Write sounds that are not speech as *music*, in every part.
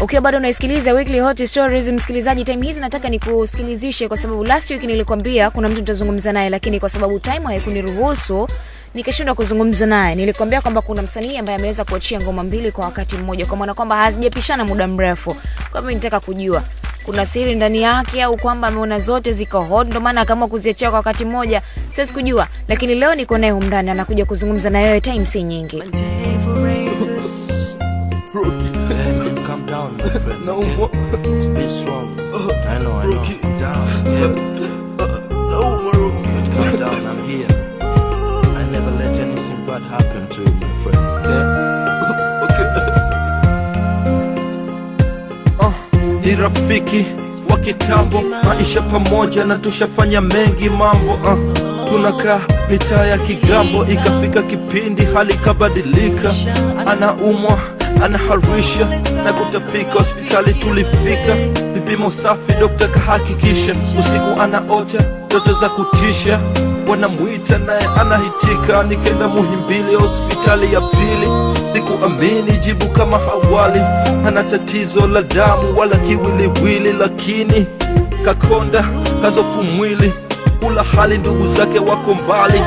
Ukiwa bado unaisikiliza Weekly Hot Stories, msikilizaji, time hizi nataka nikusikilizishe kwa sababu last week nilikwambia kuna mtu nitazungumza naye, lakini kwa sababu time haikuniruhusu nikashindwa kuzungumza naye. Nilikwambia kwamba kuna msanii ambaye ameweza kuachia ngoma mbili kwa wakati mmoja, kwa maana kwamba hazijapishana muda mrefu. Kwa hivyo nitaka kujua kuna siri ndani yake au kwamba ameona zote ziko hot ndo maana akaamua kuziachia kwa wakati mmoja. Siwezi kujua, lakini leo niko naye humndani, anakuja kuzungumza na yeye time si nyingi. But no more. strong. Uh, I know, I know. Get down. Yeah. Uh, no more. But calm down, I'm here. I never let anything bad happen to you, my friend. Yeah. okay. Uh, ni rafiki wa kitambo, maisha pamoja na tushafanya mengi mambo uh tunakaa mitaa ya Kigambo, ikafika kipindi hali kabadilika, anaumwa anaharisha na kutapika. Hospitali tulifika, vipimo safi, dokta kahakikisha. Usiku anaota toto za kutisha, wanamwita naye anahitika. nikenda Muhimbili, hospitali ya pili, sikuamini jibu kama hawali. ana tatizo la damu wala kiwiliwili, lakini kakonda kazofu mwili, kula hali ndugu zake wako mbali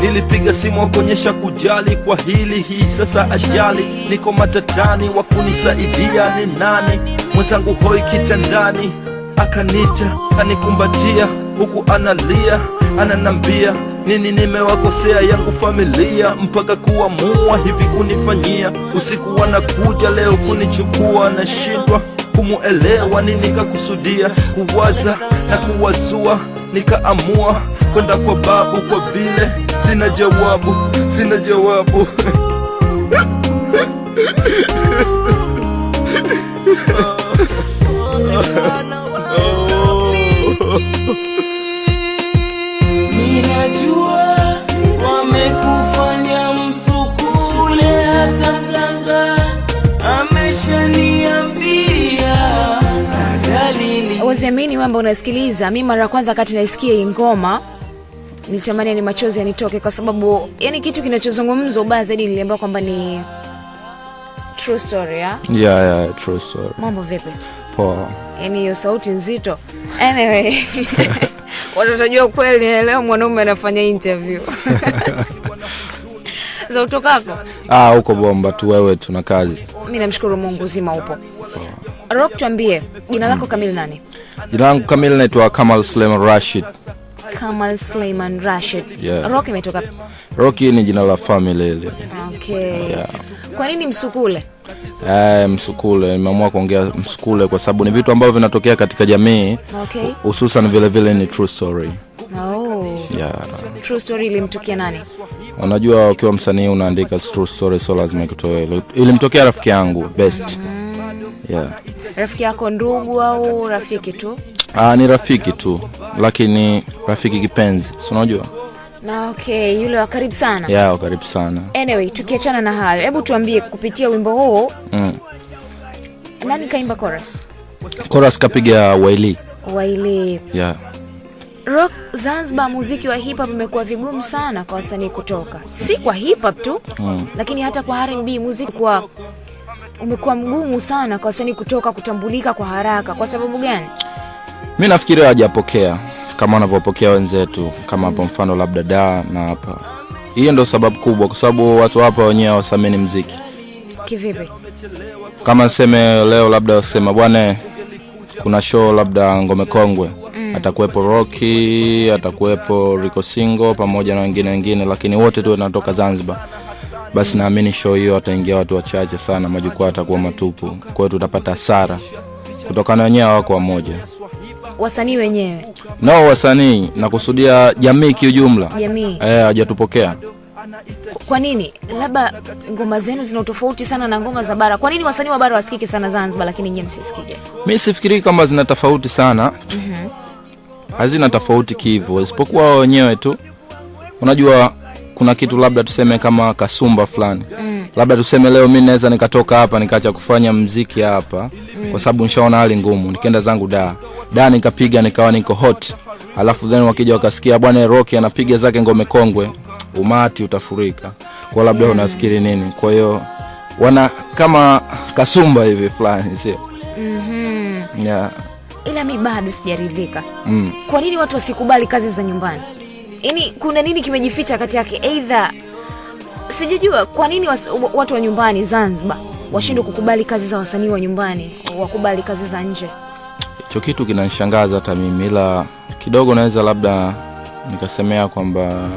Nilipiga simu wakuonyesha kujali kwa hili, hii sasa ajali, niko matatani, wakunisaidia ni nani? Mwenzangu hoi kitandani, akanita kanikumbatia, huku analia ananambia nini nimewakosea yangu familia mpaka kuamua hivi kunifanyia usiku wanakuja leo kunichukua nashindwa kumuelewa, ni nikakusudia kuwaza na kuwazua, nikaamua kwenda kwa babu, kwa vile sina jawabu, sina jawabu *laughs* *laughs* oh. Oh. Semeni wewe ambao unasikiliza, mimi mara ya kwanza wakati naisikia hii ngoma nitamani ni machozi yanitoke, kwa sababu yani kitu kinachozungumzwa ubaya zaidi niliambiwa kwamba ni true story ya? Ah? Yeah, yeah, true story. Mambo vipi? Poa. Yani hiyo sauti nzito. Anyway, *laughs* watu watajua kweli leo mwanaume anafanya interview. *laughs* Za utokako? Ah, huko bomba tu, wewe tuna kazi. Mimi namshukuru Mungu zima upo. Rock, tuambie jina lako mm. kamili nani? Jina langu kamili naitwa Kamal Suleiman Rashid. Kamal Suleiman Rashid. Yeah. Rock imetoka Rocky ni jina la famili ile. Okay. Yeah. Kwa nini msukule? Eh, msukule nimeamua kuongea msukule kwa sababu ni vitu ambavyo vinatokea katika jamii hususan, okay. Vile vile ni true story. Oh. Yeah. Unajua ukiwa msanii unaandika story, so lazima ikutoe Ilimtokea rafiki yangu best. Mm. Yeah. Rafiki yako ndugu au rafiki tu? Aa, ah, ni rafiki tu, lakini rafiki kipenzi, si unajua na okay, yule wa karibu sana. Yeah, wa karibu sana. Anyway, tukiachana na hayo, hebu tuambie kupitia wimbo huu mm. Nani kaimba chorus? Chorus kapiga Waili. Waili. Yeah. Rock Zanzibar, muziki wa hip hop umekuwa vigumu sana kwa wasanii kutoka, si kwa hip hop tu mm. lakini hata kwa R&B muziki kwa umekuwa mgumu sana kwa wasanii kutoka kutambulika kwa haraka. Kwa sababu gani? Mi nafikiri hawajapokea kama wanavyopokea wenzetu, kama hapo mfano labda da na hapa. Hiyo ndo sababu kubwa, kwa sababu watu hapa wenyewe wasameni mziki. Kivipi? Kama nseme leo labda wasema bwana, kuna show labda ngome kongwe mm. atakuwepo Rocky, atakuwepo Rico Singo pamoja na wengine wengine, lakini wote tu wanatoka Zanzibar basi naamini show hiyo wataingia watu wachache sana, majukwaa atakuwa matupu, kwa hiyo tutapata hasara kutokana wenyewe wako wamoja wasanii wenyewe no, wasanii nakusudia jamii kiujumla, jamii eh, hajatupokea. Kwa nini? Labda ngoma zenu zina utofauti sana na ngoma za bara. Kwa nini wasanii wa bara wasikike sana Zanzibar, lakini nyinyi msisikike? Mimi sifikiri kama zina tofauti sana mm -hmm. hazina tofauti kivyo, isipokuwa wao wenyewe tu, unajua kuna kitu labda tuseme kama kasumba fulani mm. labda tuseme leo mi naweza nikatoka hapa nikaacha kufanya mziki hapa mm. kwa sababu nshaona hali ngumu nikaenda zangu da da nikapiga nikawa niko hot alafu then wakija wakasikia bwana roki anapiga zake ngome kongwe umati utafurika kwa labda mm. unafikiri nini kwa hiyo wana kama kasumba hivi fulani sio mm-hmm. yeah. ila mi bado sijaridhika mm. kwa nini watu wasikubali kazi za nyumbani Yaani kuna nini kimejificha kati yake? eidha sijajua kwa nini was, watu wa nyumbani Zanzibar washindwe kukubali kazi za wasanii wa nyumbani, wakubali kazi za nje. Hicho kitu kinanishangaza hata mimi, ila kidogo naweza labda nikasemea kwamba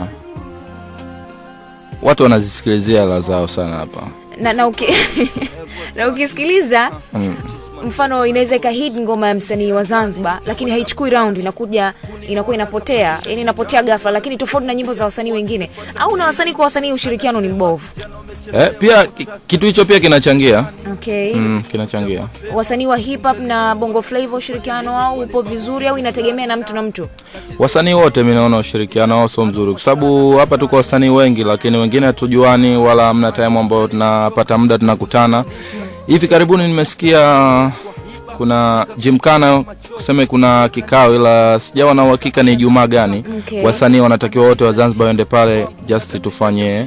watu wanazisikilizia hela zao sana hapa na, na, uki, *laughs* na ukisikiliza mm. Mfano, inaweza ikahit ngoma ya msanii wa Zanzibar, lakini haichukui round, inakuja inakuwa inapotea, yani inapotea ghafla, lakini tofauti na nyimbo za wasanii wengine au na wasanii kwa wasanii, ushirikiano ni mbovu. Eh, pia kitu hicho pia kinachangia. Okay. Mm, kinachangia. Wasanii wa hip hop na bongo flava ushirikiano wao upo vizuri au inategemea na mtu na mtu? Wasanii wote mimi naona ushirikiano wao sio mzuri kwa sababu hapa tuko wasanii wengi, lakini wengine hatujuani wala mna time ambayo tunapata muda tunakutana. Mm. Hivi karibuni nimesikia kuna jimkana kuseme kuna kikao, ila sijawa na uhakika ni Ijumaa gani. Okay. Wasanii wanatakiwa wote wa Zanzibar waende pale just tufanye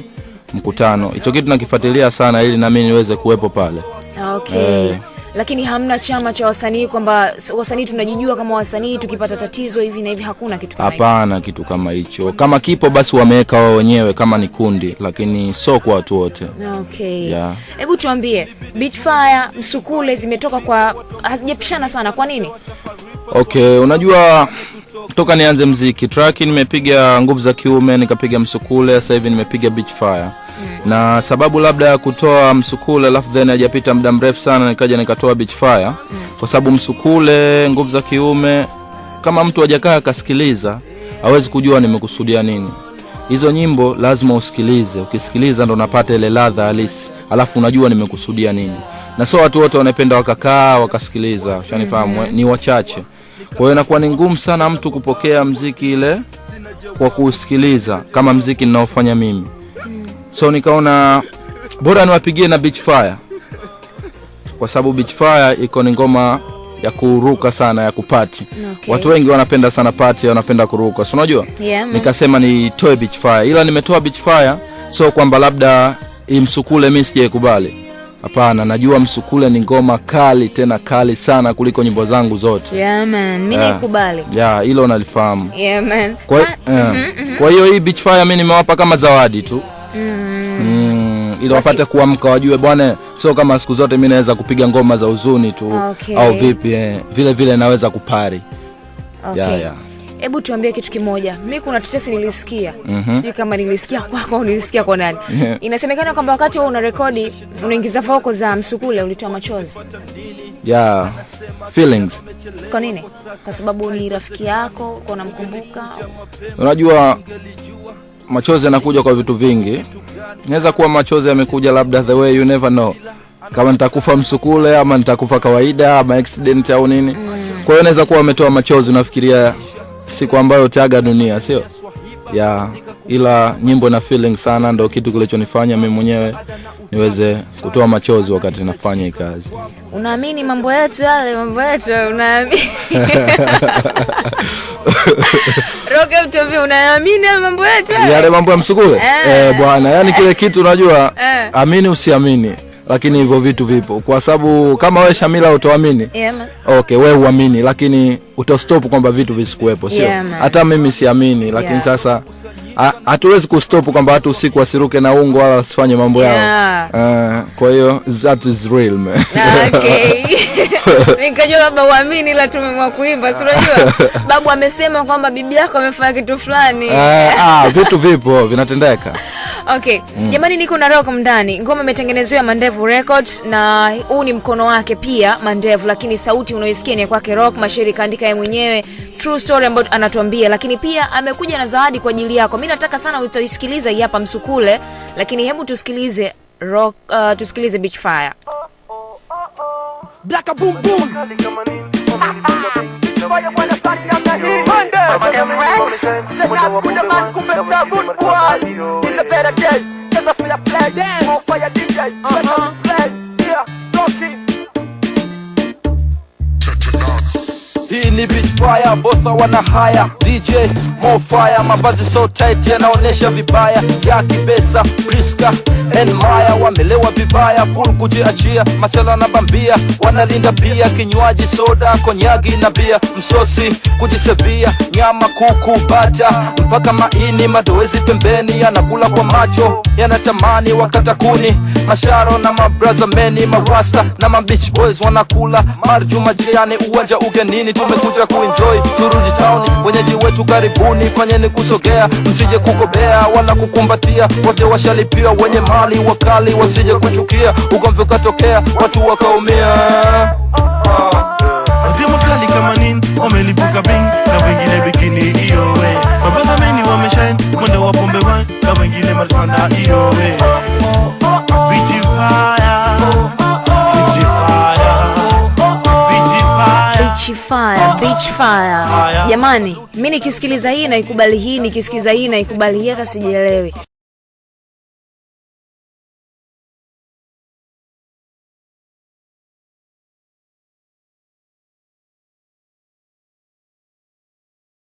mkutano. Hicho kitu nakifuatilia sana, ili nami niweze kuwepo pale. Ah, okay. Eh. Lakini hamna chama cha wasanii kwamba wasanii tunajijua kama wasanii tukipata tatizo hivi na hivi, hakuna kitu kama hicho. Hapana kitu kama hicho, kama kipo basi wameweka wao wenyewe kama ni kundi, lakini sio kwa watu wote. Ah, okay. Yeah. Hebu tuambie Bitfire, Msukule zimetoka kwa hazijapishana sana, kwa nini? Okay, unajua toka nianze mziki track nimepiga nguvu za kiume, nikapiga Msukule, sasa hivi nimepiga Bitfire na sababu labda ya kutoa msukule alafu then hajapita muda mrefu sana nikaja nikatoa beach fire mm. kwa sababu msukule nguvu za kiume kama mtu hajakaa akasikiliza hawezi kujua nimekusudia nini hizo nyimbo lazima usikilize ukisikiliza ndo unapata ile ladha halisi alafu unajua nimekusudia nini na sio watu wote wanapenda wakakaa wakasikiliza ushanifahamu mm-hmm. ni wachache kwa hiyo inakuwa ni ngumu sana mtu kupokea mziki ile kwa kuusikiliza kama mziki ninaofanya mimi so nikaona bora niwapigie na Beach Fire kwa sababu Beach Fire iko ni ngoma ya kuruka sana ya kupati. Okay. Watu wengi wanapenda sana pati, wanapenda kuruka, so unajua? Yeah, nikasema nitoe Beach Fire, ila nimetoa Beach Fire so kwamba labda imsukule mimi sijaikubali. Hapana, najua msukule ni ngoma kali tena kali sana kuliko nyimbo zangu zote. Yeah man, mimi Yeah, hilo nalifahamu. Yeah man. Kwa eh. mhm, mhm. hiyo yeah. mm -hmm, mm -hmm. hii Beach Fire mimi nimewapa kama zawadi tu. Mm ili wapate kuamka, wajue bwana, sio kama siku zote mi naweza kupiga ngoma za huzuni tu okay. au vipi eh, vile vile naweza kupari okay. yeah, yeah. Hebu tuambie kitu kimoja, mi kuna tetesi nilisikia mm -hmm. sijui kama nilisikia kwako au nilisikia kwa nani yeah. *laughs* Inasemekana kwamba wakati wewe una rekodi unaingiza foko za msukule ulitoa machozi yeah. Feelings. Kwa nini? Kwa sababu ni rafiki yako, kwa unamkumbuka. Unajua machozi yanakuja kwa vitu vingi Inaweza kuwa machozi yamekuja, labda the way you never know, kama nitakufa msukule ama nitakufa kawaida ama accident au nini. Kwa hiyo inaweza kuwa ametoa machozi, unafikiria siku ambayo taga dunia, sio ya ila nyimbo na feeling sana, ndo kitu kilichonifanya mimi mwenyewe niweze kutoa machozi wakati nafanya hii kazi. Unaamini mambo yetu yale, mambo yetu unaamini *laughs* unaondoka mtu unaamini yale mambo yetu yale mambo ya msukule eh, eh bwana yani kile kitu unajua eh. amini usiamini lakini hivyo vitu vipo kwa sababu kama we Shamila utoamini yeah, man. okay we uamini lakini utostop kwamba vitu visikuwepo sio yeah, hata mimi siamini lakini yeah. sasa hatuwezi kustop kwamba watu usiku wasiruke na ungo wala wasifanye mambo yao yeah. Uh, kwa hiyo that is real man. Okay. *laughs* Nikajua labda uamini ila tumemwa kuimba, si unajua *laughs* babu amesema kwamba bibi yako amefanya kitu fulani. Eh, ah, vitu vipo vinatendeka. *laughs* Okay. Mm. Jamani niko na Rock mndani Ngoma ya Mandevu Records na huu ni mkono wake pia Mandevu, lakini sauti unaoisikia ni kwake Rock, mashairi kaandika yeye mwenyewe, true story ambayo anatuambia, lakini pia amekuja na zawadi kwa ajili yako. Mimi nataka sana utaisikiliza hii hapa msukule, lakini hebu tusikilize Rock, uh, tusikilize Beach Fire. Black boom *laughs* boom. for them friends. The last with the man who better good boy. It's a better case, cause I feel a play. More fire DJ, fire, both wana haya DJ more fire, mavazi so tight yanaonesha vibaya ya kibesa Priska and Maya wamelewa vibaya, full kujiachia, masela na bambia wanalinda pia kinywaji soda, konyagi na bia, msosi kujisevia, nyama, kuku, bata mpaka maini, madoezi pembeni, yanakula kwa macho yanatamani, wakatakuni masharo na mabraza meni, marasta na mabitch boys wanakula marju majiani, uwanja ugenini, tumekuja kuinja enjoy, turudi town. wenyeji wetu karibuni, fanyeni kusogea, msije kukobea wala kukumbatia, wote washalipiwa, wenye mali wakali wasije kuchukia, ugomvi ukatokea, watu wakaumia ah, kama nini wamelipuka bing na wengine bikini iyo we. iowe meni wameshine mwende wapombe wine na wengine marijuana iowe bichi fire bichi fire bichi fire bichi fire fire. Jamani, mimi nikisikiliza hii naikubali hii, nikisikiliza hii naikubali hii, hata sijielewi.